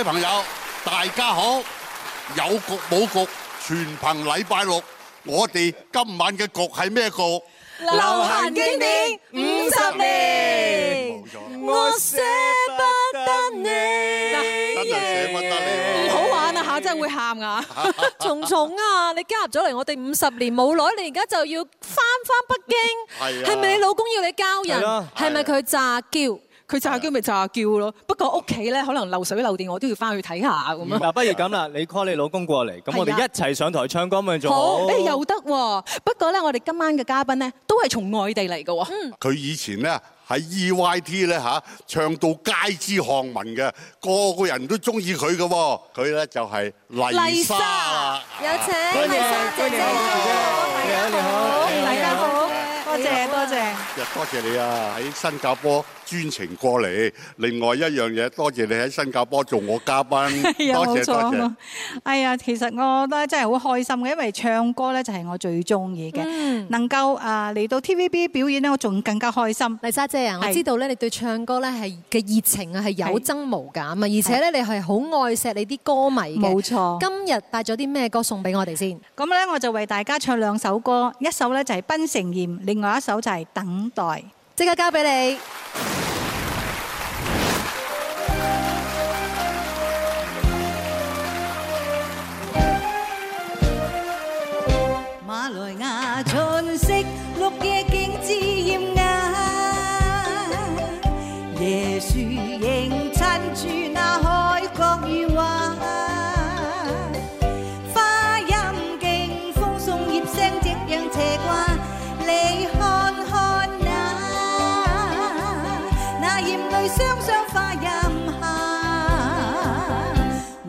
各位朋友，大家好！有局冇局，全憑禮拜六。我哋今晚嘅局係咩局？流行經典五十年。冇錯。我捨不得你。嗱，真係捨不得你。唔好玩啊！吓，真係會喊噶。松松啊，你加入咗嚟，我哋五十年冇耐，你而家就要返返北京。係咪你老公要你交人？係咪佢詐嬌？佢詐嬌咪詐嬌咯，不過屋企咧可能漏水漏電我都要翻去睇下咁樣。嗱，不如咁啦，你 call 你老公過嚟，咁我哋一齊上台唱歌咪做。好，誒又得喎，不過咧我哋今晚嘅嘉賓咧都係從外地嚟嘅喎。嗯，佢以前咧喺 EYT 咧吓，唱到街知巷聞嘅，個個人都中意佢嘅喎。佢咧就係麗莎，有請麗莎姐姐，大家好，大家好。多謝，多謝。多謝你啊，喺新加坡專程過嚟。另外一樣嘢，多謝你喺新加坡做我嘉賓。有冇錯？哎呀，其實我覺得真係好開心嘅，因為唱歌咧就係我最中意嘅。嗯，能夠啊嚟到 TVB 表演咧，我仲更加開心。麗莎姐啊，我知道咧你對唱歌咧係嘅熱情啊係有增無減啊，而且咧你係好愛錫你啲歌迷嘅。冇錯。今日帶咗啲咩歌送俾我哋先？咁咧我就為大家唱兩首歌，一首咧就係《檳城艷》，另外。一首就係等待，即刻交俾你。馬來亞春色綠。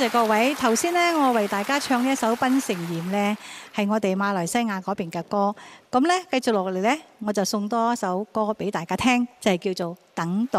多謝，各位。頭先咧，我為大家唱一首《檳城艷》呢係我哋馬來西亞嗰邊嘅歌。咁呢，繼續落嚟呢，我就送多一首歌俾大家聽，就係叫做《等待》。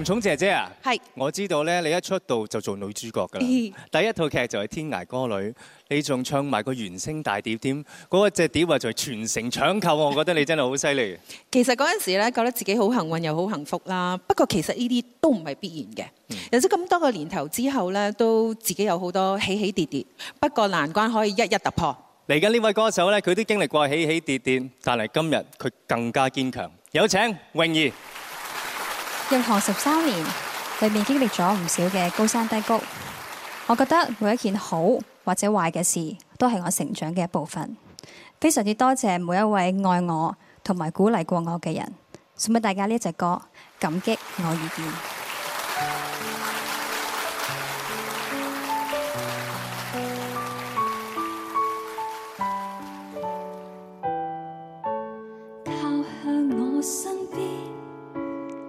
容重姐姐啊，係是我知道咧，你一出道就做女主角㗎啦。 第一套劇就係、是《天涯歌女》，你仲唱埋個原聲大碟，點嗰、那個隻碟啊，就係全城搶購，我覺得你真係好犀利。 其實嗰陣時咧，覺得自己好幸運又好幸福啦。不過其實呢啲都唔係必然嘅。 有咗咁多個年頭之後咧，都自己有好多起起跌跌，不過難關可以一一突破。嚟緊呢位歌手咧，佢都經歷過起起跌跌，但係今日佢更加堅強。有請榮兒。入行十三年，裏面經歷咗唔少嘅高山低谷。我覺得每一件好或者壞嘅事，都係我成長嘅一部分。非常之多謝每一位愛我同埋鼓勵過我嘅人。送俾大家呢隻歌，感激我遇見。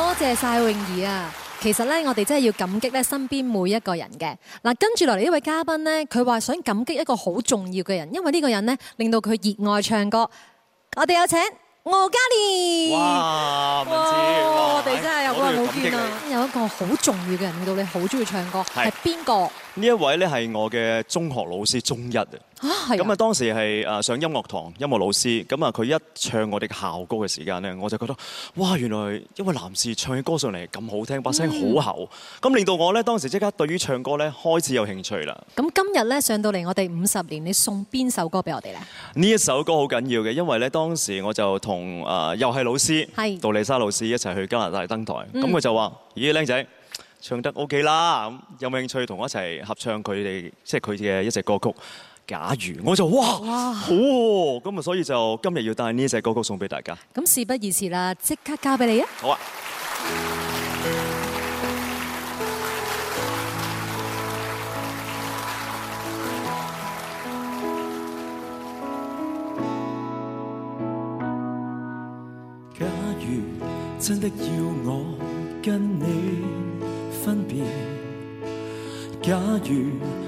多謝晒泳兒啊！其實咧，我哋真係要感激咧身邊每一個人嘅嗱。跟住落嚟呢位嘉賓咧，佢話想感激一個好重要嘅人，因為呢個人咧令到佢熱愛唱歌。我哋有請何嘉莉。哇！我哋真係有好耐冇見啦！有一個好重要嘅人令到你好中意唱歌，係邊個？呢一位咧係我嘅中學老師，中一咁啊！是當時係誒上音樂堂，音樂老師咁啊，佢一唱我哋嘅校歌嘅時間呢，我就覺得哇，原來一位男士唱嘅歌上嚟咁好聽，把聲好厚，咁、嗯、令到我呢，當時即刻對於唱歌呢開始有興趣啦。咁今日呢，上到嚟，我哋五十年，你送邊首歌俾我哋呢？呢一首歌好緊要嘅，因為呢，當時我就同誒又係老師的杜麗莎老師一齊去加拿大登台，咁佢、嗯、就話：咦、欸，靚仔唱得 O K 啦，有冇興趣同我一齊合唱佢哋即係佢嘅一隻歌曲？假如我就話，哇，好，咁啊，所以就今日要帶呢隻歌曲送俾大家。咁事不宜遲啦，即刻交俾你啊！好啊。假如真的要我跟你分別，假如。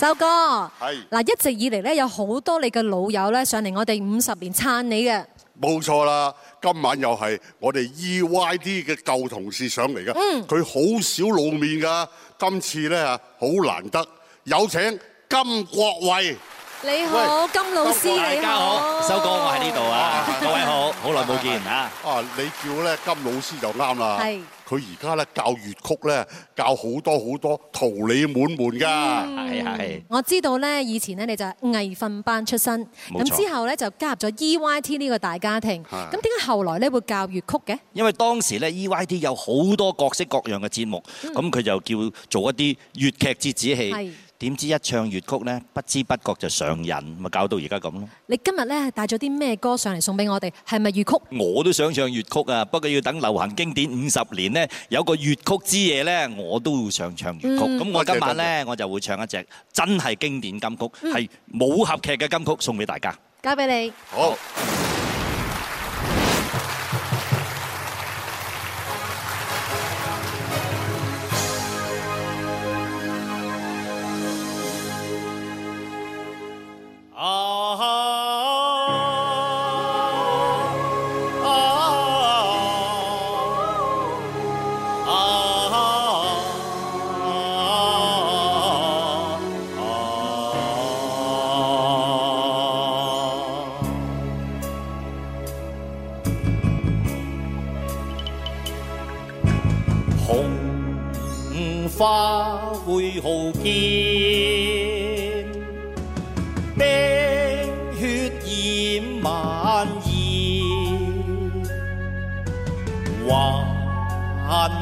周哥，係嗱，一直以嚟咧有好多你嘅老友咧上嚟，我哋五十年撐你嘅，冇錯啦。今晚又係我哋 E Y D 嘅舊同事上嚟嘅，佢好少露面噶，今次咧好難得有請金國衛。你好，金老師，你家好，修哥我喺呢度啊，各位好，好耐冇見啊，啊你叫咧金老師就啱啦，係，佢而家咧教粵曲咧，教好多好多，桃李滿門㗎，係啊係。我知道咧，以前咧你就係藝訓班出身，咁之後咧就加入咗 EYT 呢個大家庭，咁點解後來咧會教粵曲嘅？因為當時咧 EYT 有好多各式各樣嘅節目，咁佢就叫做一啲粵劇折子戲。點知一唱粵曲呢，不知不覺就上癮，咪搞到而家咁咯？你今日呢，帶咗啲咩歌上嚟送俾我哋？係咪粵曲？我都想唱粵曲啊，不過要等流行經典五十年呢，有個粵曲之夜呢，我都會想唱粵曲。咁我今晚呢我就會唱一隻真係經典金曲，係武俠劇嘅金曲，送俾大家。交俾你。好。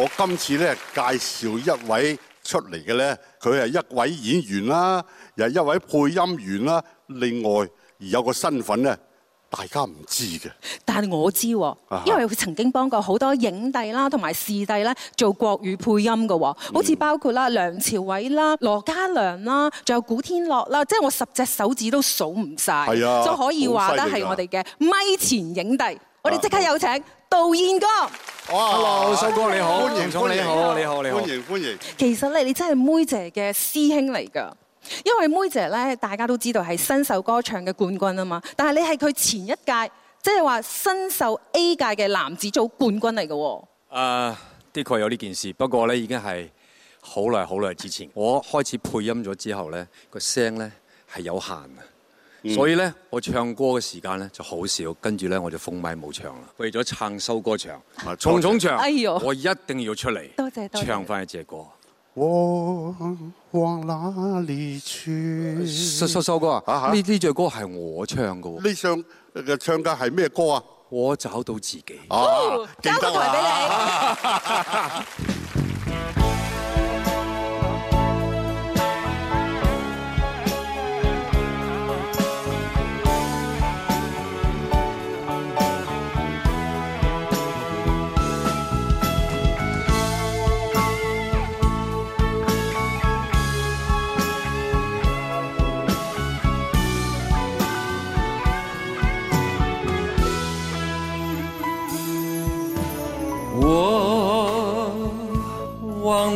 我今次咧介紹一位出嚟嘅咧，佢係一位演員啦，又係一位配音員啦。另外而有個身份咧，大家唔知嘅。但係我知，因為佢曾經幫過好多影帝啦，同埋視帝咧做國語配音㗎喎。好似、嗯、包括啦梁朝偉啦、羅嘉良啦，仲有古天樂啦，即係我十隻手指都數唔晒，都係啊，可以話得係我哋嘅咪前影帝。我哋即刻有請。杜燕哥，哇，hello，修哥你好，歡迎歡迎，你好你好你好，歡迎歡迎。其實咧，你真係妹姐嘅師兄嚟噶，因為妹姐咧，大家都知道係新秀歌唱嘅冠軍啊嘛，但係你係佢前一屆，即係話新秀 A 屆嘅男子組冠軍嚟噶。誒，的確有呢件事，不過咧已經係好耐好耐之前，我開始配音咗之後咧，個聲咧係有限啊。所以咧，我唱歌嘅時間咧就好少，跟住咧我就封咪冇唱啦，為咗撐修哥場，重重唱，我一定要出嚟多謝唱翻呢隻歌。我往哪裡去？收收首歌，歌啊！呢呢隻歌係我唱嘅喎。呢唱唱嘅係咩歌啊？我找到自己。哦，交台俾你。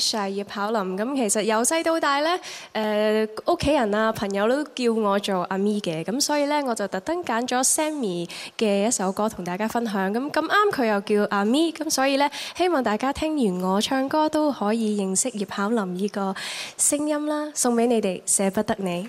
係葉巧琳。咁，其實由細到大咧，誒屋企人啊，朋友都叫我做阿咪嘅，咁所以咧我就特登揀咗 Sammy 嘅一首歌同大家分享，咁咁啱佢又叫阿咪，咁所以咧希望大家聽完我唱歌都可以認識葉巧琳呢個聲音啦，送俾你哋，捨不得你。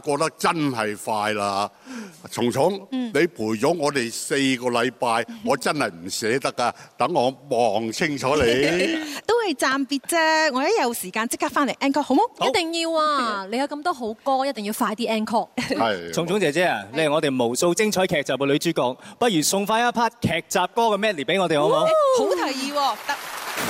過得真係快啦，松松，你陪咗我哋四個禮拜，我真係唔捨得㗎。等我望清楚你， 都係暫別啫。我一有時間即刻翻嚟 encore 好冇？好，一定要啊！你有咁多好歌，一定要快啲 encore。係，松松姐姐啊，是的 你係我哋無數精彩劇集嘅女主角，不如送翻一 part 劇集歌嘅 melody 俾我哋好冇？哇哦、好提議、啊，得。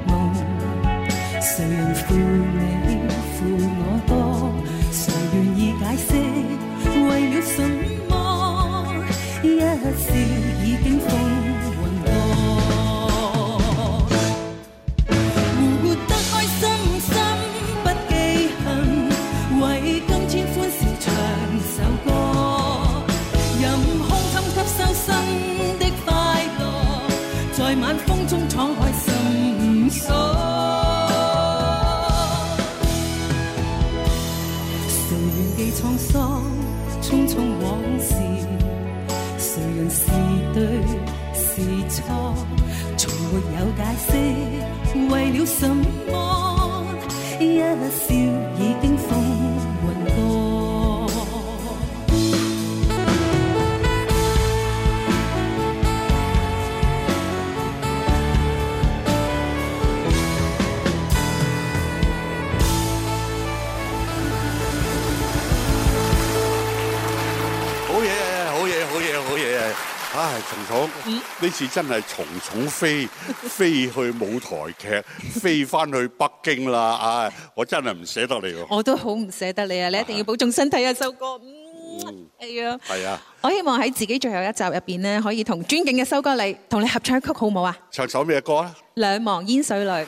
次真係重重飛飛去舞台劇，飛翻去北京啦！唉，我真係唔捨得你喎。我都好唔捨得你啊！你一定要保重身體啊！修哥。嗯，係啊，係啊。我希望喺自己最後一集入邊呢，可以同尊敬嘅修哥你，同你合唱曲好好，好唔好啊？唱首咩歌啊？兩忘煙水裏。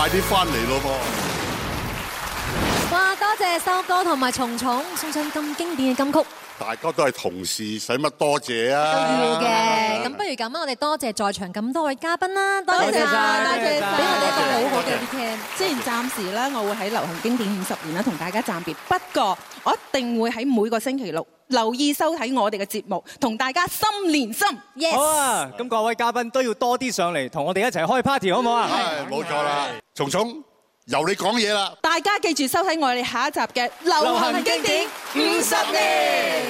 快啲翻嚟咯噃！哇，多謝修哥同埋松松送上咁經典嘅金曲，大家都係同事，使乜多謝啊？都要嘅。咁的不如咁，我哋多謝在場咁多位嘉賓啦，多謝多謝俾我哋一個好好嘅 B K。雖然 okay. 暫時咧，我會喺流行經典五十年啦，同大家暫別，不過。我一定會喺每個星期六留意收睇我哋嘅節目，同大家心連心。好啊，咁各位嘉賓都要多啲上嚟同我哋一齊開 party 好唔好啊？係，冇錯啦。松松由你講嘢啦。大家記住收睇我哋下一集嘅流行經典五十年。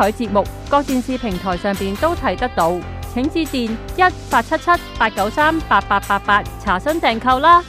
佢節目，各電視平台上邊都睇得到，請致電一八七七八九三八八八八查詢訂購啦。